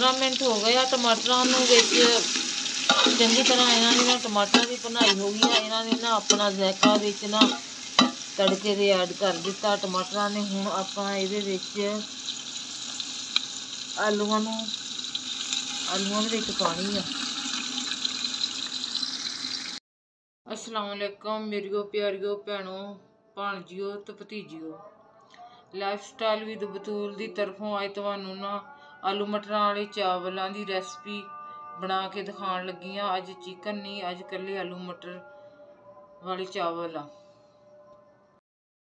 15 minute ਹੋ ਗਏ ਆ ਟਮਾਟਰਾਂ ਨੂੰ ਵਿੱਚ ਚੰਗੀ ਤਰ੍ਹਾਂ ਇਹਨਾਂ ਨੇ ਨਾ ਟਮਾਟਰ ਵੀ ਬਣਾਈ ਹੋ ਗਈ ਆ ਇਹਨਾਂ ਨੇ ਨਾ ਆਪਣਾ ਜ਼ਾਇਕਾ ਵਿੱਚ ਨਾ ਤੜਕੇ ਦੇ ਐਡ ਕਰ ਦਿੱਤਾ ਟਮਾਟਰਾਂ ਨੇ ਹੁਣ ਆਪਾਂ ਇਹਦੇ ਵਿੱਚ ਆਲੂਆਂ ਨੂੰ ਆਲੂਆਂ ਦੇ ਵਿੱਚ ਪਾਣੀ ਆ ਅਸਲਾਮ ਅਲੈਕਮ ਮੇਰੀਓ ਪਿਆਰੀਓ ਭੈਣੋ ਭਾਣਜੀਓ ਤੇ ਭਤੀਜੀਓ ਲਾਈਫ ਸਟਾਈਲ ਵਿਦ ਬਤੂਲ ਦੀ ਤਰਫੋਂ ਅੱਜ ਤੁਹਾਨੂੰ ਨਾ ਆਲੂ ਮਟਰਾਂ ਵਾਲੇ ਚਾਵਲਾਂ ਦੀ ਰੈਸਪੀ ਬਣਾ ਕੇ ਦਿਖਾਉਣ ਲੱਗੀ ਆ ਅੱਜ ਚਿਕਨ ਨਹੀਂ ਅੱਜ ਕੱਲੇ ਆਲੂ ਮਟਰ ਵਾਲੇ ਚਾਵਲ ਆ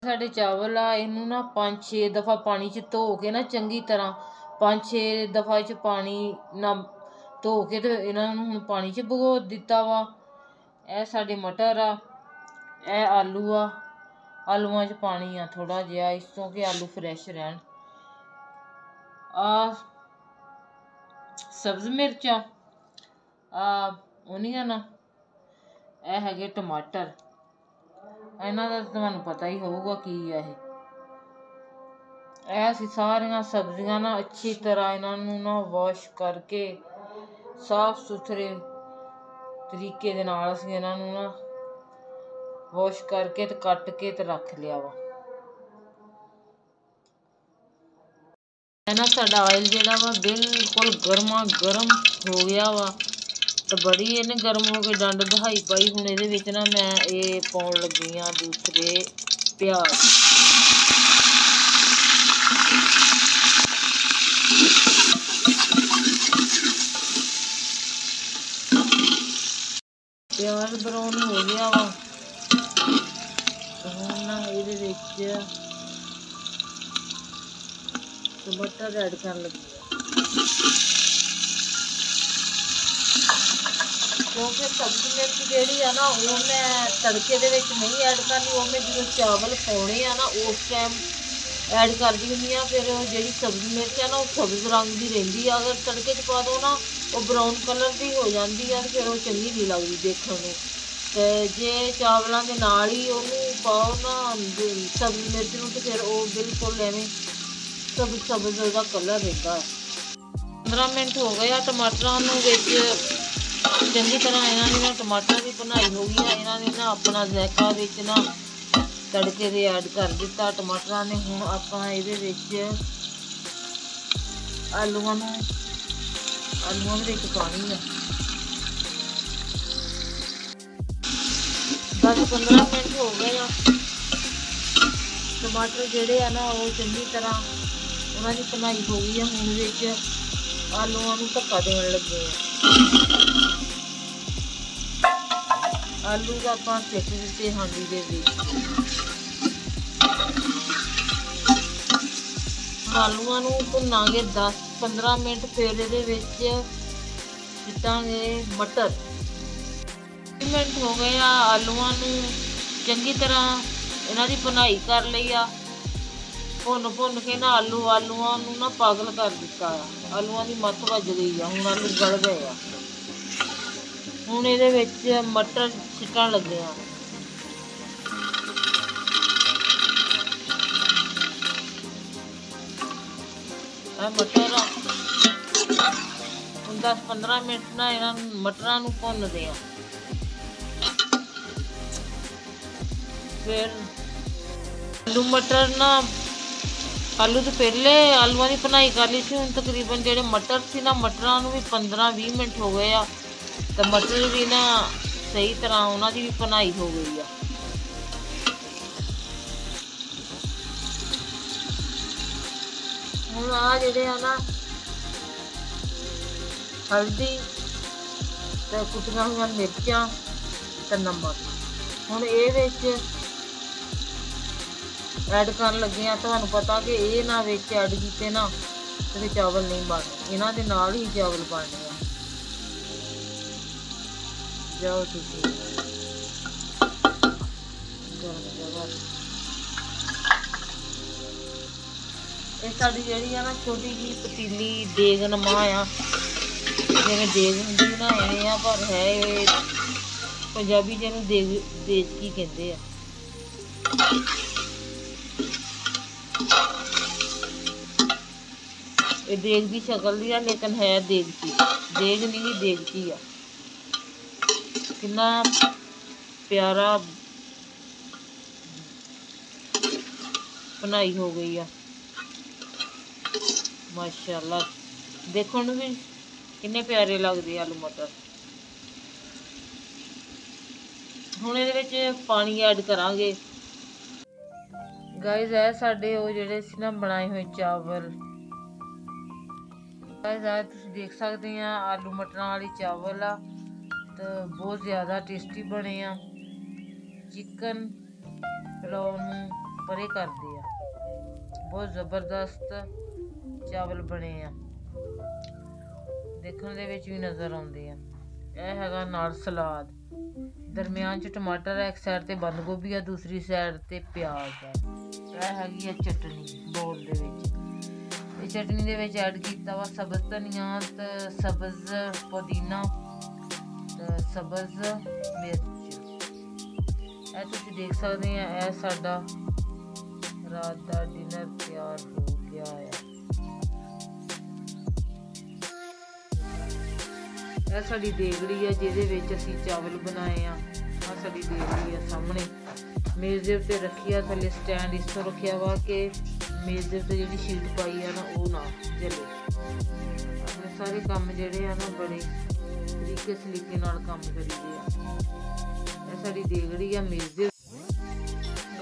ਸਾਡੇ ਚਾਵਲ ਆ ਇਹਨੂੰ ਨਾ 5-6 ਦਫਾ ਪਾਣੀ 'ਚ ਧੋ ਕੇ ਨਾ ਚੰਗੀ ਤਰ੍ਹਾਂ 5-6 ਦਫਾ 'ਚ ਪਾਣੀ ਨਾ ਧੋ ਕੇ ਤੇ ਇਹਨਾਂ ਨੂੰ ਹੁਣ ਪਾਣੀ 'ਚ ਭਗੋ ਦਿੱਤਾ ਵਾ ਇਹ ਸਾਡੇ ਮਟਰ ਆ ਇਹ ਆਲੂ ਆ ਆਲੂਆਂ 'ਚ ਪਾਣੀ ਆ ਥੋੜਾ ਜਿਹਾ ਇਸ ਤੋਂ ਕਿ ਆਲੂ ਫਰੈਸ਼ ਰਹਿਣ ਆ ਸਬਜ਼ ਮਿਰਚਾਂ ਆ ਓਨੀਅਨ ਇਹ ਹੈਗੇ ਟਮਾਟਰ ਇਹਨਾਂ ਦਾ ਤੁਹਾਨੂੰ ਪਤਾ ਹੀ ਹੋਊਗਾ ਕੀ ਹੈ ਇਹ ਇਹ ਅਸੀਂ ਸਾਰੀਆਂ ਸਬਜ਼ੀਆਂ ਨਾ ਅੱਛੀ ਤਰ੍ਹਾਂ ਇਹਨਾਂ ਨੂੰ ਨਾ ਵਾਸ਼ ਕਰਕੇ ਸਾਫ਼ ਸੁਥਰੇ ਤਰੀਕੇ ਦੇ ਨਾਲ ਅਸੀਂ ਇਹਨਾਂ ਨੂੰ ਨਾ ਵਾਸ਼ ਕਰਕੇ ਤੇ ਕੱਟ ਕੇ ਤੇ ਰੱਖ ਲਿਆ ਵਾ ਹੈ ਨਾ ਸਾਡਾ ਆਇਲ ਜਿਹੜਾ ਵਾ ਬਿਲਕੁਲ ਗਰਮਾ ਗਰਮ ਹੋ ਗਿਆ ਵਾ ਤੇ ਬੜੀ ਇਹਨੇ ਗਰਮ ਹੋ ਕੇ ਡੰਡ ਦਹਾਈ ਪਾਈ ਹੁਣ ਇਹਦੇ ਵਿੱਚ ਨਾ ਮੈਂ ਇਹ ਪਾਉਣ ਲੱਗੀ ਆ ਦੂਸਰੇ ਪਿਆਜ਼ ਪਿਆਜ਼ ਬਰਾਉਨ ਹੋ ਗਿਆ ਵਾ ਹੁਣ ਇਹਦੇ ਵਿੱਚ ਤੇ ਬਟਰ ਐਡ ਕਰਨ ਲੱਗੀ ਕਿਉਂਕਿ ਸਬਜ਼ੀ ਮੇਥੀ ਜਿਹੜੀ ਆ ਨਾ ਉਹ ਮੈਂ ਤੜਕੇ ਦੇ ਵਿੱਚ ਨਹੀਂ ਐਡ ਕਰਨੀ ਉਹ ਮੈਂ ਜਦੋਂ ਚਾਵਲ ਪਾਉਣੇ ਆ ਨਾ ਉਸ ਟਾਈਮ ਐਡ ਕਰਦੀ ਹੁੰਦੀ ਆ ਫਿਰ ਜਿਹੜੀ ਸਬਜ਼ੀ ਮਿਰਚ ਆ ਨਾ ਉਹ ਸਬਜ਼ ਰੰਗ ਦੀ ਰਹਿੰਦੀ ਆ ਅਗਰ ਤੜਕੇ 'ਚ ਪਾ ਦੋ ਨਾ ਉਹ ਬ੍ਰਾਊਨ ਕਲਰ ਦੀ ਹੋ ਜਾਂਦੀ ਆ ਫਿਰ ਉਹ ਚੰਗੀ ਨਹੀਂ ਲੱਗਦੀ ਦੇਖਣ ਨੂੰ ਤੇ ਜੇ ਚਾਵਲਾਂ ਦੇ ਨਾਲ ਹੀ ਉਹਨੂੰ ਪਾਉਣਾ ਸਬਜ਼ੀ ਮਿਰਚ ਨੂੰ ਤੇ ਫਿਰ ਉਹ ਬਿਲਕੁਲ ਐਵੇਂ ਸਭ ਸਬਜ਼ ਦਾ ਕਲਰ ਹੈਗਾ 15 ਮਿੰਟ ਹੋ ਗਏ ਆ ਟਮਾਟਰਾਂ ਨੂੰ ਵਿੱਚ ਚੰਗੀ ਤਰ੍ਹਾਂ ਇਹਨਾਂ ਨੇ ਟਮਾਟਰਾਂ ਟਮਾਟਰ ਵੀ ਭੁਨਾਈ ਹੋ ਗਈ ਆ ਇਹਨਾਂ ਨੇ ਨਾ ਆਪਣਾ ਜ਼ੈਕਾ ਵਿੱਚ ਨਾ ਤੜਕੇ ਦੇ ਐਡ ਕਰ ਦਿੱਤਾ ਟਮਾਟਰਾਂ ਨੇ ਹੁਣ ਆਪਾਂ ਇਹਦੇ ਵਿੱਚ ਆਲੂਆਂ ਨੂੰ ਆਲੂਆਂ ਦੇ ਵਿੱਚ ਪਾਣੀ ਆ 10-15 ਮਿੰਟ ਹੋ ਗਏ ਆ ਟਮਾਟਰ ਜਿਹੜੇ ਆ ਨਾ ਉਹ ਚੰਗੀ ਤਰ੍ਹਾਂ ਉਹਨਾਂ ਦੀ ਕਮਾਈ ਹੋ ਗਈ ਆ ਹੁਣ ਵਿੱਚ ਆਲੂਆਂ ਨੂੰ ਧੱਕਾ ਦੇਣ ਲੱਗੇ ਆ ਆਲੂ ਦਾ ਆਪਾਂ ਸਿੱਟ ਦਿੱਤੇ ਹਾਂਡੀ ਦੇ ਵਿੱਚ ਆਲੂਆਂ ਨੂੰ ਭੁੰਨਾਂਗੇ 10 15 ਮਿੰਟ ਫਿਰ ਇਹਦੇ ਵਿੱਚ ਦਿੱਤਾਂਗੇ ਮਟਰ ਮਿੰਟ ਹੋ ਗਏ ਆ ਆਲੂਆਂ ਨੂੰ ਚੰਗੀ ਤਰ੍ਹਾਂ ਇਹਨਾਂ ਦੀ ਭੁਨਾਈ ਕਰ ਲਈ ਆ ਭੁੰਨ ਭੁੰਨ ਕੇ ਨਾ ਆਲੂ ਆਲੂਆਂ ਨੂੰ ਨਾ ਪਾਗਲ ਕਰ ਦਿੱਤਾ ਆ ਆਲੂਆਂ ਦੀ ਮੱਤ ਵੱਜ ਗਈ ਆ ਹੁਣ ਆਲੂ ਗਲ ਗਏ ਆ ਹੁਣ ਇਹਦੇ ਵਿੱਚ ਮਟਰ ਛਿੱਟਣ ਲੱਗੇ ਆ ਆ ਮਟਰ ਹੁਣ 10-15 ਮਿੰਟ ਨਾ ਇਹਨਾਂ ਮਟਰਾਂ ਨੂੰ ਭੁੰਨਦੇ ਆ ਫਿਰ ਆਲੂ ਮਟਰ ਨਾ ਆਲੂ ਤੇ ਪਹਿਲੇ ਆਲੂਆਂ ਦੀ ਬਣਾਈ ਕਰ ਲਈ ਸੀ ਹੁਣ ਤਕਰੀਬਨ ਜਿਹੜੇ ਮਟਰ ਸੀ ਨਾ ਮਟਰਾਂ ਨੂੰ ਵੀ 15-20 ਮਿੰਟ ਹੋ ਗਏ ਆ ਤੇ ਮਟਰ ਵੀ ਨਾ ਸਹੀ ਤਰ੍ਹਾਂ ਉਹਨਾਂ ਦੀ ਵੀ ਬਣਾਈ ਹੋ ਗਈ ਆ ਹੁਣ ਆ ਜਿਹੜੇ ਆ ਨਾ ਹਲਦੀ ਤੇ ਕੁੱਟੀਆਂ ਹੋਈਆਂ ਮਿਰਚਾਂ ਤੇ ਨਮਕ ਹੁਣ ਇਹ ਵਿੱਚ ਐਡ ਕਰਨ ਲੱਗੇ ਆ ਤੁਹਾਨੂੰ ਪਤਾ ਕਿ ਇਹ ਨਾ ਵਿੱਚ ਐਡ ਕੀਤੇ ਨਾ ਤੇ ਚਾਵਲ ਨਹੀਂ ਬਣਦੇ ਇਹਨਾਂ ਦੇ ਨਾਲ ਹੀ ਚਾਵਲ ਬਣਦੇ ਆ ਜਾਓ ਤੁਸੀਂ ਇਹ ਸਾਡੀ ਜਿਹੜੀ ਆ ਨਾ ਛੋਟੀ ਜੀ ਪਤੀਲੀ ਦੇਗ ਨਮਾ ਆ ਜਿਵੇਂ ਦੇਗ ਹੁੰਦੀ ਨਾ ਇਹ ਆ ਪਰ ਹੈ ਇਹ ਪੰਜਾਬੀ ਜਿਹਨੂੰ ਦੇਗ ਦੇਜ ਕੀ ਕਹਿੰਦੇ ਆ ਇਹ ਦੇਗ ਦੀ ਸ਼ਕਲ ਦੀ ਆ ਲੇਕਿਨ ਹੈ ਦੇਗਚੀ ਦੇਗ ਨਹੀਂ ਦੇਗਚੀ ਆ ਕਿੰਨਾ ਪਿਆਰਾ ਬਣਾਈ ਹੋ ਗਈ ਆ ਮਾਸ਼ਾਅੱਲਾ ਦੇਖਣ ਨੂੰ ਵੀ ਕਿੰਨੇ ਪਿਆਰੇ ਲੱਗਦੇ ਆਲੂ ਮਟਰ ਹੁਣ ਇਹਦੇ ਵਿੱਚ ਪਾਣੀ ਐਡ ਕਰਾਂਗੇ ਗਾਇਜ਼ ਇਹ ਸਾਡੇ ਉਹ ਜਿਹੜੇ ਸੀ ਨਾ ਬਣਾਏ ਹੋਏ ਚਾਵਲ ਆ ਤੁਸੀਂ ਦੇਖ ਸਕਦੇ ਆ ਆਲੂ ਮਟਰਾਂ ਵਾਲੀ ਚਾਵਲ ਆ ਤੇ ਬਹੁਤ ਜ਼ਿਆਦਾ ਟੇਸਟੀ ਬਣੇ ਆ ਚਿਕਨ ਰੋਨ ਪਰੇ ਕਰਦੇ ਆ ਬਹੁਤ ਜ਼ਬਰਦਸਤ ਚਾਵਲ ਬਣੇ ਆ ਦੇਖਣ ਦੇ ਵਿੱਚ ਵੀ ਨਜ਼ਰ ਆਉਂਦੇ ਆ ਇਹ ਹੈਗਾ ਨਾਲ ਸਲਾਦ ਦਰਮਿਆਨ ਚ ਟਮਾਟਰ ਹੈ ਇੱਕ ਸਾਈਡ ਤੇ ਬੰਦ ਗੋਭੀ ਆ ਦੂਸਰੀ ਸਾਈਡ ਤੇ ਪਿਆਜ਼ ਆ ਇਹ ਹੈਗੀ ਆ ਚਟਨੀ ਬੋਲ ਦੇ ਵਿੱਚ ਚਟਨੀ ਦੇ ਵਿੱਚ ਐਡ ਕੀਤਾ ਵਾ ਸਬਜ਼ ਧਨੀਆ ਤੇ ਸਬਜ਼ ਪੁਦੀਨਾ ਤੇ ਸਬਜ਼ ਮਿਰਚ ਇਹ ਤੁਸੀਂ ਦੇਖ ਸਕਦੇ ਆ ਇਹ ਸਾਡਾ ਰਾਤ ਦਾ ਡਿਨਰ ਤਿਆਰ ਹੋ ਗਿਆ ਹੈ ਇਹ ਸਾਡੀ ਦੇਗੜੀ ਆ ਜਿਹਦੇ ਵਿੱਚ ਅਸੀਂ ਚਾਵਲ ਬਣਾਏ ਆ ਆ ਸਾਡੀ ਦੇਗੜੀ ਆ ਸਾਹਮਣੇ ਮੇਜ਼ ਦੇ ਉੱਤੇ ਰੱਖਿਆ ਥੱਲੇ ਸਟੈਂਡ ਇਸ ਤੋਂ ਰੱਖਿਆ ਵਾ ਕਿ ਮੇਜ਼ ਦੇ ਉੱਤੇ ਜਿਹੜੀ ਸ਼ੀਟ ਪਾਈ ਆ ਨਾ ਉਹ ਨਾ ਜਲੇ ਆਪਣੇ ਸਾਰੇ ਕੰਮ ਜਿਹੜੇ ਆ ਨਾ ਬੜੇ ਤਰੀਕੇ ਸਲੀਕੇ ਨਾਲ ਕੰਮ ਕਰੀਦੇ ਆ ਇਹ ਸਾਡੀ ਦੇਗੜੀ ਆ ਮੇਜ਼ ਦੇ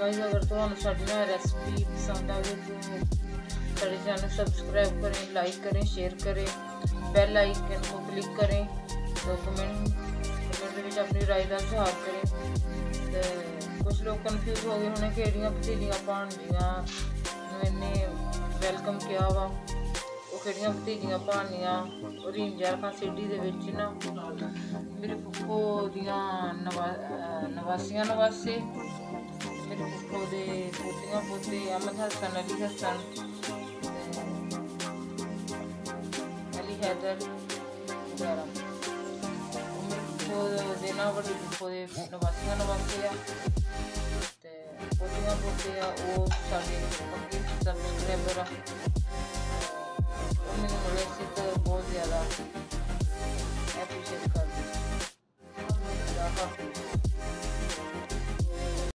ਗਾਇਜ਼ ਅਗਰ ਤੁਹਾਨੂੰ ਨਾ ਰੈਸਪੀ ਪਸੰਦ ਆਵੇ ਤਾਂ ਸਾਡੇ ਚੈਨਲ ਸਬਸਕ੍ਰਾਈਬ ਕਰੇ ਲਾਈਕ ਕਰੇ ਸ਼ੇਅਰ ਕਰੇ ਬੈਲ ਆਈਕਨ ਨੂੰ ਕਲਿੱਕ ਕਰੇ तो ਕਮੈਂਟ ਦੇ ਵਿੱਚ ਆਪਣੀ ਰਾਏ ਦਾ ਸੁਝਾਅ ਕਰੇ ਤੇ ਕੁਝ ਲੋਕ ਕਨਫਿਊਜ਼ ਹੋ ਗਏ ਹੋਣੇ ਕਿ ਇਹਦੀਆਂ ਪਤੀਲੀਆਂ ਪਾਉਣ ਦੀਆਂ मैंने वेलकम किया वा वो खेड़िया भतीजिया भानिया रीम जैखा सिटी के ना मेरे पुखो दिया नवा नवासिया नवासे मेरे पुखो दे पोतिया पोते अमन हसन अली हसन अली हैदर बगैरा पुखो नवासिया नवासे पोतिया पोते वो